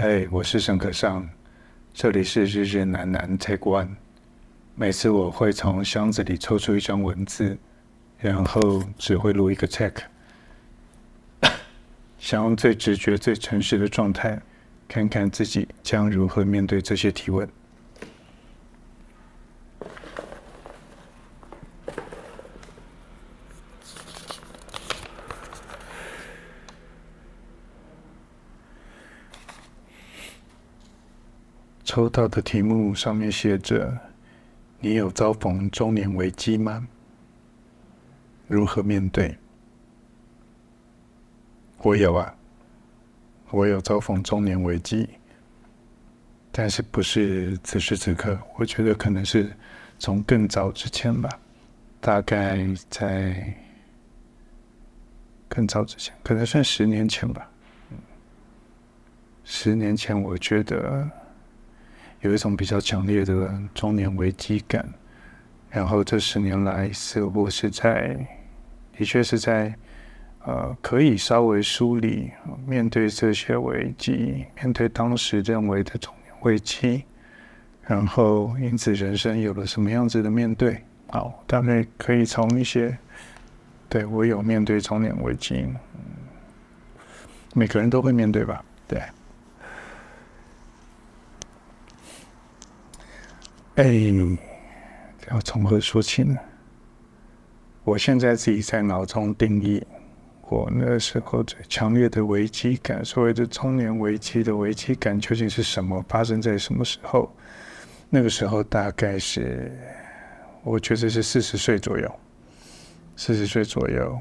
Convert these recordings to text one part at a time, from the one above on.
嗨，hey, 我是沈可尚，這裡是日日難難 Take One。每次我會從箱子裡抽出一張文字，然後只會錄一個 check。想用最直覺、最誠實的狀態，看看自己將如何面對這些提問。抽到的題目上面寫着：“你有遭逢中年危機嗎？如何面對？”我有啊，我有遭逢中年危機，但是不是此時此刻？我覺得可能是從更早之前吧，大概在更早之前，可能算十年前吧。嗯，十年前，我覺得。有一種比較強烈的中年危機感，然後這十年來似乎是在，的確是在，呃，可以稍微梳理面對這些危機，面對當時認為的中年危機，然後因此人生有了什麼樣子的面對？好，大概可以從一些，對，我有面對中年危機，嗯，每個人都會面對吧？對。哎，hey, um, 要從何說起呢？我現在自己在腦中定義，我那時候最強烈的危機感，所謂的中年危機的危機感究竟是什麼？發生在什麼時候？那個時候大概是，我覺得是四十歲左右，四十歲左右，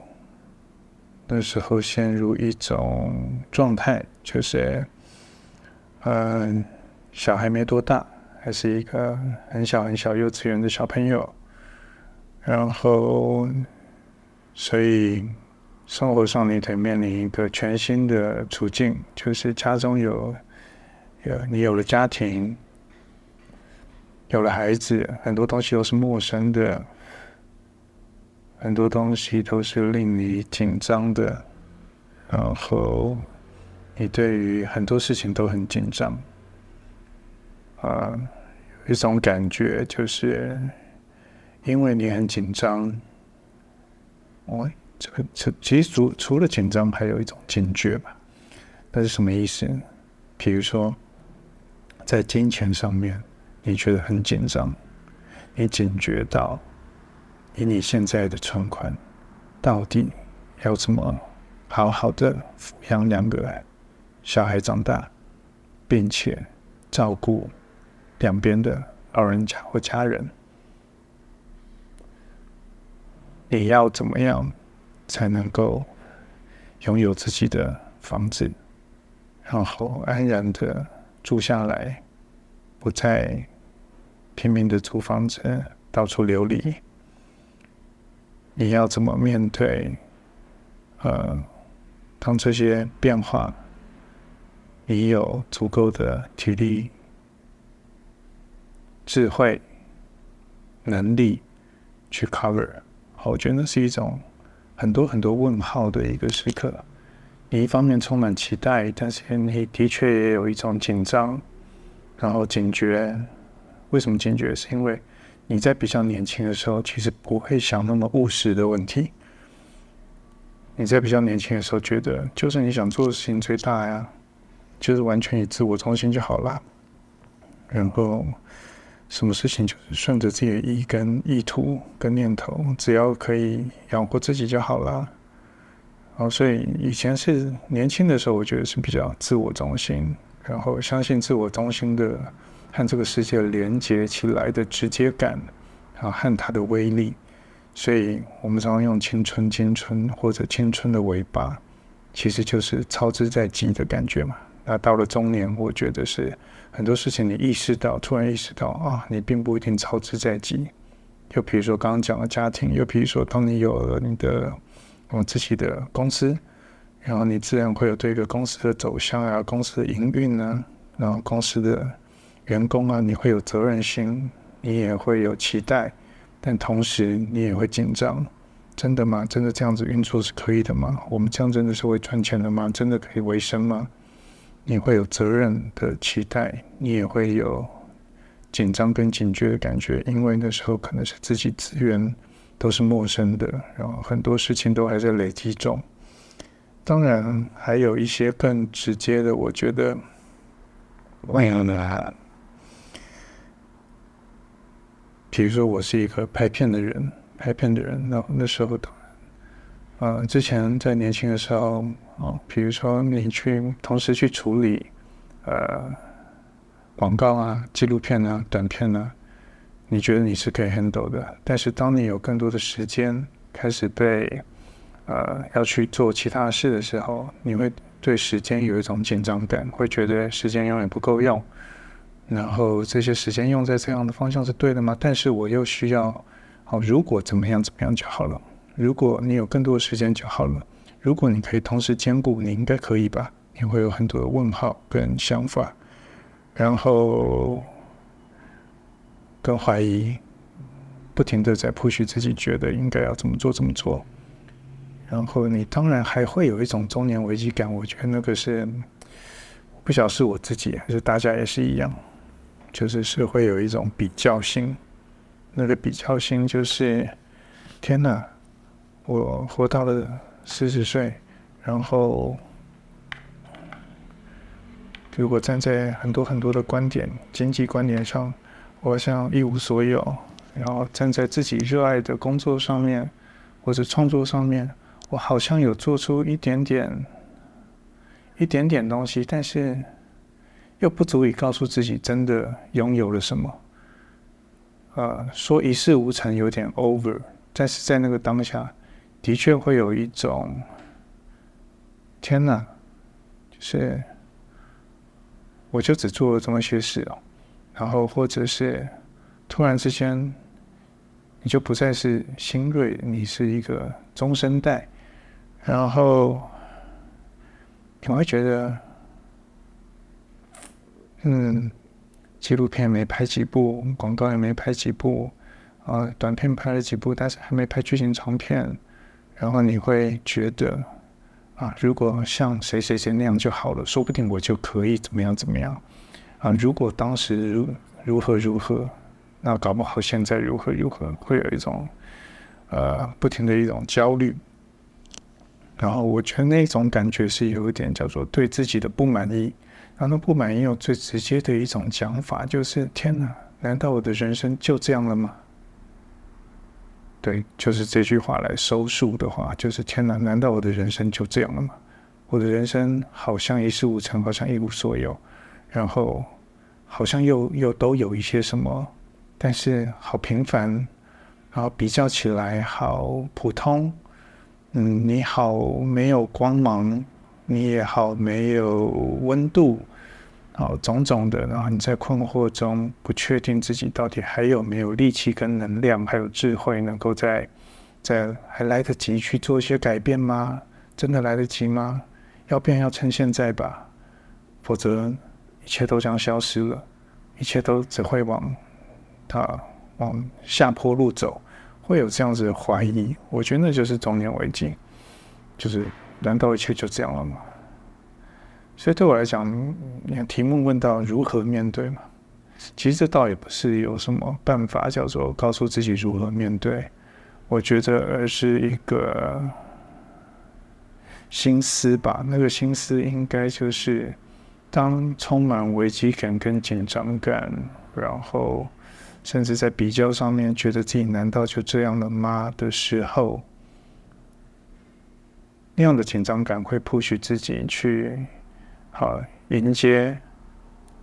那時候陷入一種狀態，就是，嗯、呃，小孩沒多大。還是一個很小很小幼稚園的小朋友，然後，所以生活上你得面臨一個全新的處境，就是家中有、有你有了家庭，有了孩子，很多東西都是陌生的，很多東西都是令你緊張的，然後你對於很多事情都很緊張，啊。一種感覺就是，因為你很緊張。哦，這個這其實除除了緊張，還有一種警覺吧。那是什麼意思呢？比如說，在金錢上面，你覺得很緊張，你警覺到，以你現在的存款，到底要怎麼好好的撫養兩個小孩長大，並且照顧。兩邊的老人家或家人，你要怎麼樣才能夠擁有自己的房子，然後安然的住下來，不再拼命的租房子到處流離？你要怎麼面對？呃，當這些變化，你有足夠的體力？智慧、能力去 cover，好，我覺得那是一種很多很多問號的一個時刻。你一方面充滿期待，但是你的確也有一種緊張，然後警覺。為什麼警覺？是因為你在比較年輕的時候，其實不會想那麼務實的問題。你在比較年輕的時候，覺得就是你想做的事情最大呀，就是完全以自我中心就好啦，然後。什麼事情就是順着自己的意跟意圖跟念頭，只要可以養活自己就好了。好，哦，所以以前是年輕的時候，我覺得是比較自我中心，然後相信自我中心的和這個世界連接起來的直接感後、啊、和它的威力。所以我們常常用“青春”“青春”或者“青春的尾巴”，其實就是超支在即的感覺嘛。那到了中年，我覺得是。很多事情你意識到，突然意識到啊，你並不一定操之在己。又比如說剛剛講的家庭，又比如說當你有了你的我、嗯、自己的公司，然後你自然會有對一個公司的走向啊、公司的營運啊、然後公司的員工啊，你會有責任心，你也會有期待，但同時你也會緊張。真的嗎？真的這樣子運作是可以的嗎？我們這樣真的是會賺錢的嗎？真的可以維生嗎？你會有責任的期待，你也會有緊張跟警覺的感覺，因為那時候可能是自己資源都是陌生的，然後很多事情都還在累積中。當然，還有一些更直接的，我覺得，為什麼呢？比如說，我是一個拍片的人，拍片的人，那那時候，呃，之前在年輕的時候。哦，比如說你去同時去處理，呃，廣告啊、紀錄片啊、短片啊，你覺得你是可以 handle 的。但是當你有更多的時間開始被，呃，要去做其他的事的時候，你會對時間有一種緊張感，會覺得時間永遠不夠用。然後這些時間用在這樣的方向是對的嗎？但是我又需要，好，如果怎麼樣怎麼樣就好了。如果你有更多的時間就好了。嗯如果你可以同時兼顧，你應該可以吧？你會有很多的問號跟想法，然後跟懷疑，不停的在 push 自己，覺得應該要怎麼做怎麼做。然後你當然還會有一種中年危機感，我覺得那個是，不曉得是我自己還是大家也是一樣，就是是會有一種比較心，那個比較心就是，天哪，我活到了。四十歲，然後如果站在很多很多的觀點、經濟觀點上，我好像一無所有；然後站在自己熱愛的工作上面或者創作上面，我好像有做出一點點、一點點東西，但是又不足以告訴自己真的擁有了什麼。呃，說一事無成有點 over，但是在那個當下。的確會有一種，天哪，啊，就是，我就只做了這麼些事，哦，然後或者是突然之間，你就不再是新銳，你是一個中生代，然後你會覺得，嗯，紀錄片沒拍幾部，廣告也沒拍幾部，啊，短片拍了幾部，但是還沒拍劇情長片。然後你會覺得，啊，如果像誰誰誰那樣就好了，說不定我就可以怎麼樣怎麼樣。啊，如果當時如如何如何，那搞不好現在如何如何，會有一種呃不停的一種焦慮。然後我覺得那種感覺是有一點叫做對自己的不滿意。然後不滿意有最直接的一種講法，就是天哪，難道我的人生就這樣了嗎？對，就是這句話來收束的話，就是天吶，難道我的人生就這樣了嗎？我的人生好像一事無成，好像一無所有，然後好像又又都有一些什麼，但是好平凡，然後比較起來好普通，嗯，你好沒有光芒，你也好沒有溫度。啊，種種的，然後你在困惑中，不確定自己到底還有沒有力氣跟能量，還有智慧能，能夠在在還來得及去做一些改變嗎？真的來得及嗎？要變要趁現在吧，否則一切都將消失了，一切都只會往他、啊、往下坡路走，會有這樣子的懷疑。我覺得那就是中年危機，就是難道一切就這樣了嗎？所以對我來講，你看題目問到如何面對嘛，其實這倒也不是有什麼辦法叫做告訴自己如何面對，我覺得而是一個心思吧。那個心思應該就是，當充滿危機感跟緊張感，然後甚至在比較上面覺得自己難道就這樣了嗎的時候，那樣的緊張感會迫使自己去。好，迎接，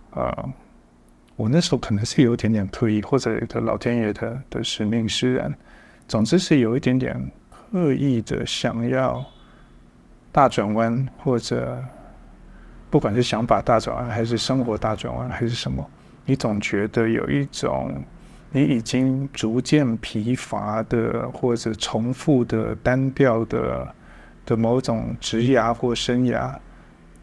啊、呃，我那時候可能是有一點點退役，或者老天爺的的使命使然，總之是有一點點刻意的想要大轉彎，或者不管是想法大轉彎，還是生活大轉彎，還是什麼，你總覺得有一種你已經逐漸疲乏的，或者重複的、單調的的某種職業或生涯。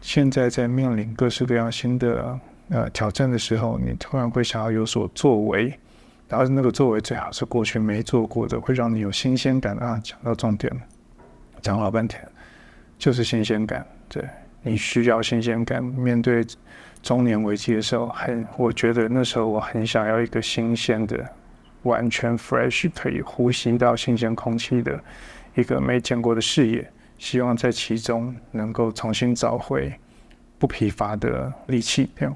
現在在面臨各式各樣新的呃挑戰的時候，你突然會想要有所作為，然後那個作為最好是過去沒做過的，會讓你有新鮮感啊！講到重點了，講老半天，就是新鮮感，對，你需要新鮮感。面對中年危機的時候，很，我覺得那時候我很想要一個新鮮的、完全 fresh 可以呼吸到新鮮空氣的一個沒見過的事業。希望在其中能夠重新找回不疲乏的力氣。對。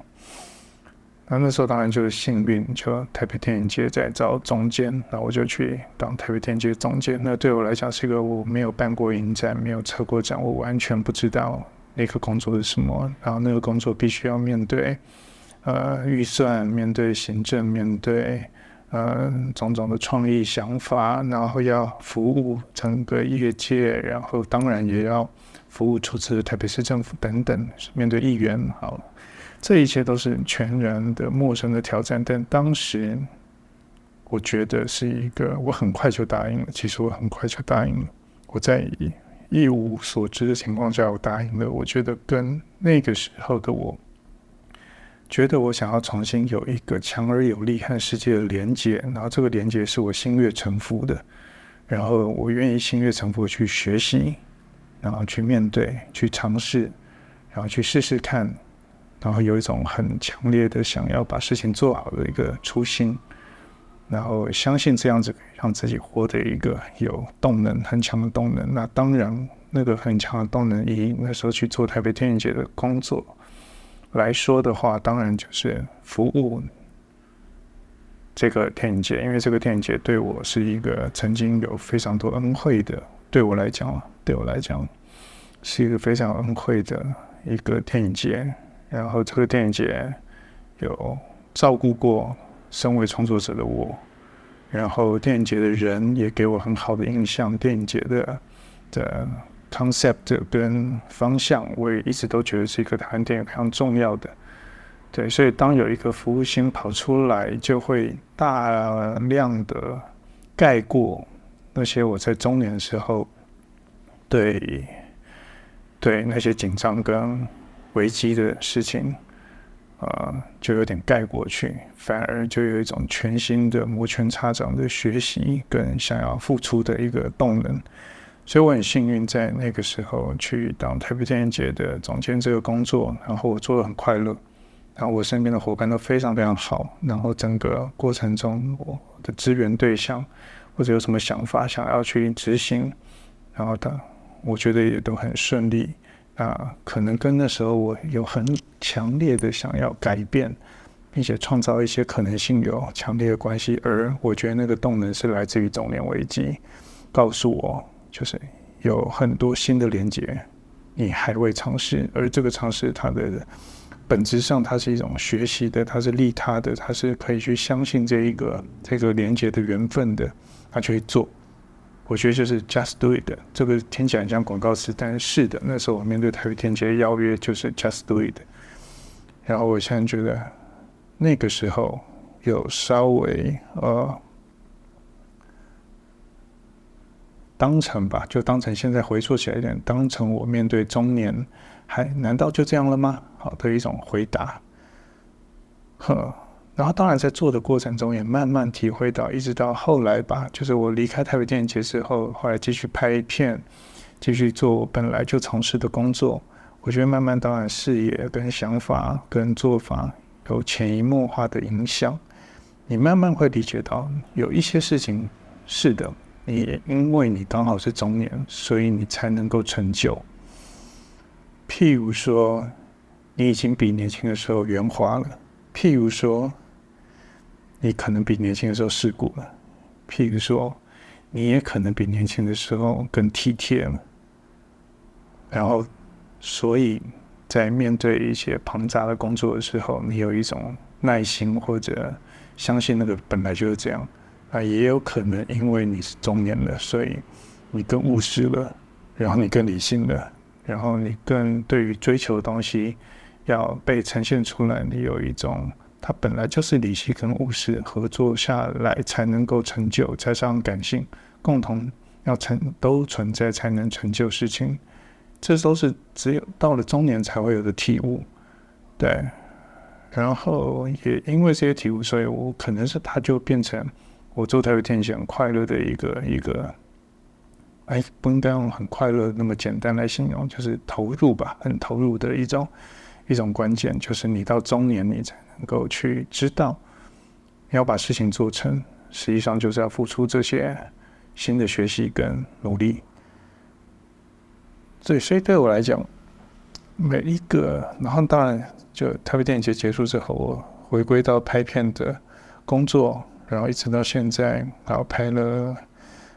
那那時候當然就是幸運，就台北電影節在招總監，那我就去當台北電影節的總監。那對我來講是一個我沒有辦過影展，沒有策過展，我完全不知道那個工作是什麼。然後那個工作必須要面對呃預算，面對行政，面對。呃，種種的創意想法，然後要服務整個音樂界，然後當然也要服務出資，特別是政府等等，面對議員，好，這一切都是全然的陌生的挑戰。但當時我覺得是一個，我很快就答應了。其實我很快就答應了，我在一無所知的情況下，我答應了。我覺得跟那個時候的我。覺得我想要重新有一個強而有力和世界的連接，然後這個連接是我心悅誠服的，然後我願意心悅誠服去學習，然後去面對，去嘗試，然後去試試看，然後有一種很強烈的想要把事情做好的一個初心，然後相信這樣子可以讓自己獲得一個有動能很強的動能。那當然，那個很強的動能因，以那時候去做台北電影節的工作，來說的話，當然就是服務這個電影節，因為這個電影節對我是一個曾經有非常多恩惠的，對我來講，對我來講是一個非常恩惠的一個電影節。然後這個電影節有照顧過身為創作者的我，然後電影節的人也給我很好的印象，電影節的的。concept 跟方向，我也一直都覺得是一個談點非常重要的。對，所以當有一個服務心跑出來，就會大量的蓋過那些我在中年的時候，對對那些緊張跟危機的事情，啊、呃，就有點蓋過去，反而就有一種全新的摩拳擦掌的學習跟想要付出的一個動能。所以我很幸運，在那個時候去當台北電影節的總監這個工作，然後我做的很快樂，然後我身邊的夥伴都非常非常好，然後整個過程中我的資源對象或者有什麼想法想要去執行，然後的我覺得也都很順利啊，那可能跟那時候我有很強烈的想要改變，並且創造一些可能性有強烈的關係，而我覺得那個動能是來自於中年危機，告訴我。就是有很多新的連接，你還未嘗試，而這個嘗試它的本質上，它是一種學習的，它是利他的，它是可以去相信這一個這個連接的緣分的，他就會做。我覺得就是 just do it，這個聽起來很像廣告詞，但是是的，那時候我面對台北天街的邀約就是 just do it。然後我現在覺得那個時候有稍微呃。當成吧，就當成現在回溯起來一點，當成我面對中年，還難道就這樣了嗎？好的一種回答。呵，然後當然在做的過程中也慢慢體會到，一直到後來吧，就是我離開台北電影節之後，後來繼續拍片，繼續做我本來就從事的工作。我覺得慢慢當然事業跟想法、跟做法有潛移默化的影響，你慢慢會理解到有一些事情是的。你因為你剛好是中年，所以你才能夠成就。譬如說，你已經比年輕的時候圓滑了；譬如說，你可能比年輕的時候世故了；譬如說，你也可能比年輕的時候更體貼了。然後，所以在面對一些龐雜的工作的時候，你有一種耐心，或者相信那個本來就是這樣。啊，也有可能因為你是中年的，所以你更務實了，嗯、然後你更理性了，然後你更對於追求的東西要被呈現出來，你有一種它本來就是理性跟務實合作下來才能夠成就，再加上感性共同要成都存在才能成就事情，這都是只有到了中年才會有的體悟，對。然後也因為這些體悟，所以我可能是它就變成。我做台北電影節，很快樂的一個一個，哎，不應該用“很快樂”那麼簡單來形容，就是投入吧，很投入的一種一種關鍵，就是你到中年，你才能夠去知道，要把事情做成，實際上就是要付出這些新的學習跟努力。對，所以對我來講，每一個，然後當然就台北電影節結，結束之後，我回歸到拍片的工作。然後一直到現在，然後拍了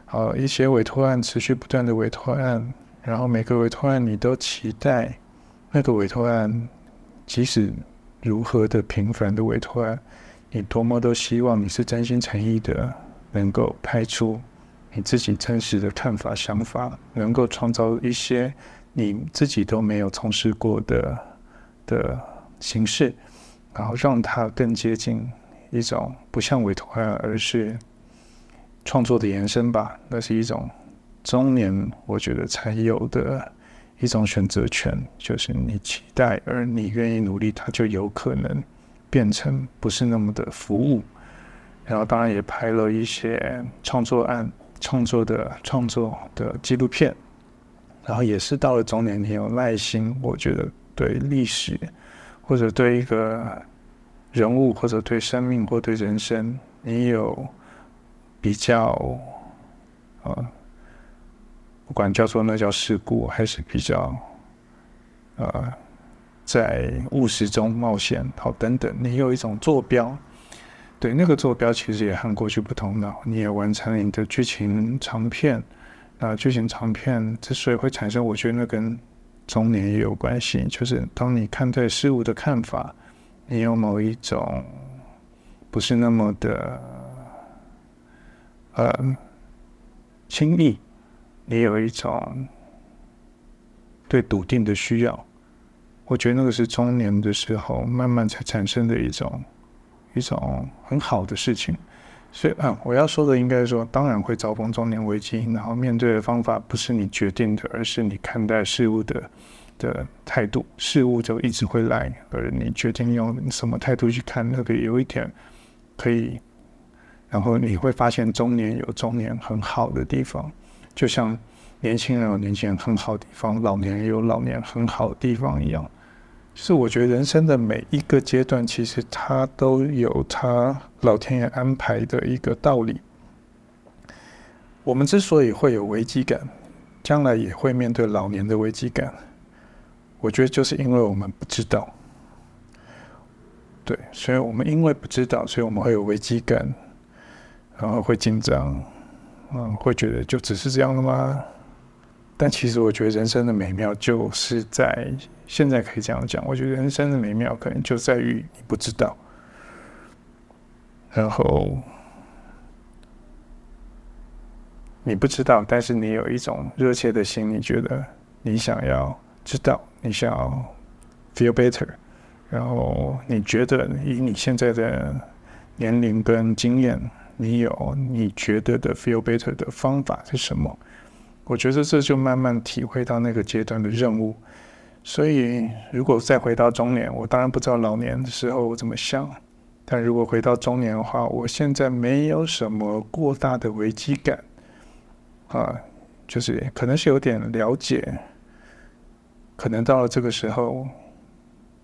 好一些委託案，持續不斷的委託案。然後每個委託案你都期待那個委託案，即使如何的平凡的委託案，你多麼都希望你是真心誠意的，能夠拍出你自己真實的看法、想法，能夠創造一些你自己都沒有從事過的的形式，然後讓它更接近。一種不像委託案，而是創作的延伸吧。那是一種中年，我覺得才有的，一種選擇權，就是你期待，而你願意努力，它就有可能變成不是那麼的服務。然後，當然也拍了一些創作案、創作的創作的紀錄片。然後，也是到了中年，你很有耐心，我覺得對歷史或者對一個。人物或者對生命或對人生，你有比較，呃，不管叫做那叫世故，還是比較，呃，在務實中冒險，好等等，你有一種坐標。對那個坐標，其實也和過去不同的，你也完成了你的劇情長片。那、呃、劇情長片之所以會產生，我覺得那跟中年也有關係，就是當你看待事物的看法。你有某一種不是那麼的呃親密，你有一種對篤定的需要。我覺得那個是中年的時候慢慢才產生的一種一種很好的事情。所以啊、嗯，我要說的應該說，當然會遭逢中年危機，然後面對的方法不是你決定的，而是你看待事物的的態度，事物就一直會來，而你決定用什麼態度去看。那個有一點可以，然後你會發現，中年有中年很好的地方，就像年輕人有年輕人很好的地方，老年有老年很好的地方一樣。就是我覺得人生的每一個階段，其實它都有它老天爺安排的一個道理。我們之所以會有危機感，將來也會面對老年的危機感。我覺得就是因為我們不知道，對，所以我們因為不知道，所以我們會有危機感，然後會緊張，嗯，會覺得就只是這樣了嗎？但其實我覺得人生的美妙就是在現在可以這樣講。我覺得人生的美妙可能就在於你不知道，然後你不知道，但是你有一種熱切的心，你覺得你想要知道。你想 feel better，然後你覺得以你現在的年齡跟經驗，你有你覺得的 feel better 的方法是什麼？我覺得這就慢慢體會到那個階段的任務。所以如果再回到中年，我當然不知道老年的時候我怎麼想，但如果回到中年的話，我現在沒有什麼過大的危機感啊，就是可能是有點了解。可能到了這個時候，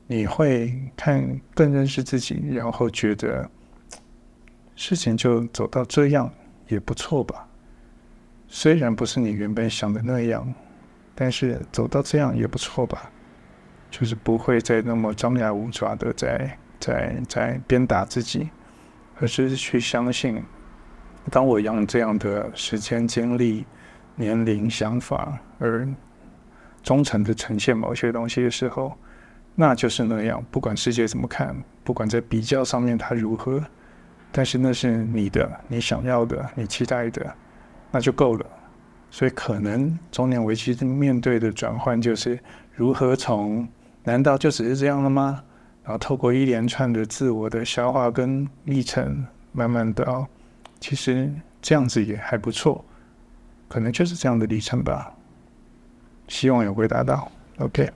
你會看更認識自己，然後覺得事情就走到這樣也不錯吧。雖然不是你原本想的那樣，但是走到這樣也不錯吧。就是不會再那麼張牙舞爪的在在在，在鞭打自己，而是去相信，當我用這樣的時間、經歷、年齡、想法而。忠誠的呈現某些東西的時候，那就是那樣。不管世界怎麼看，不管在比較上面它如何，但是那是你的，你想要的，你期待的，那就夠了。所以，可能中年危機面對的轉換就是如何從難道就只是這樣了嗎？然後，透過一連串的自我的消化跟歷程，慢慢到，其實這樣子也還不錯，可能就是這樣的歷程吧。希望有回答到，OK。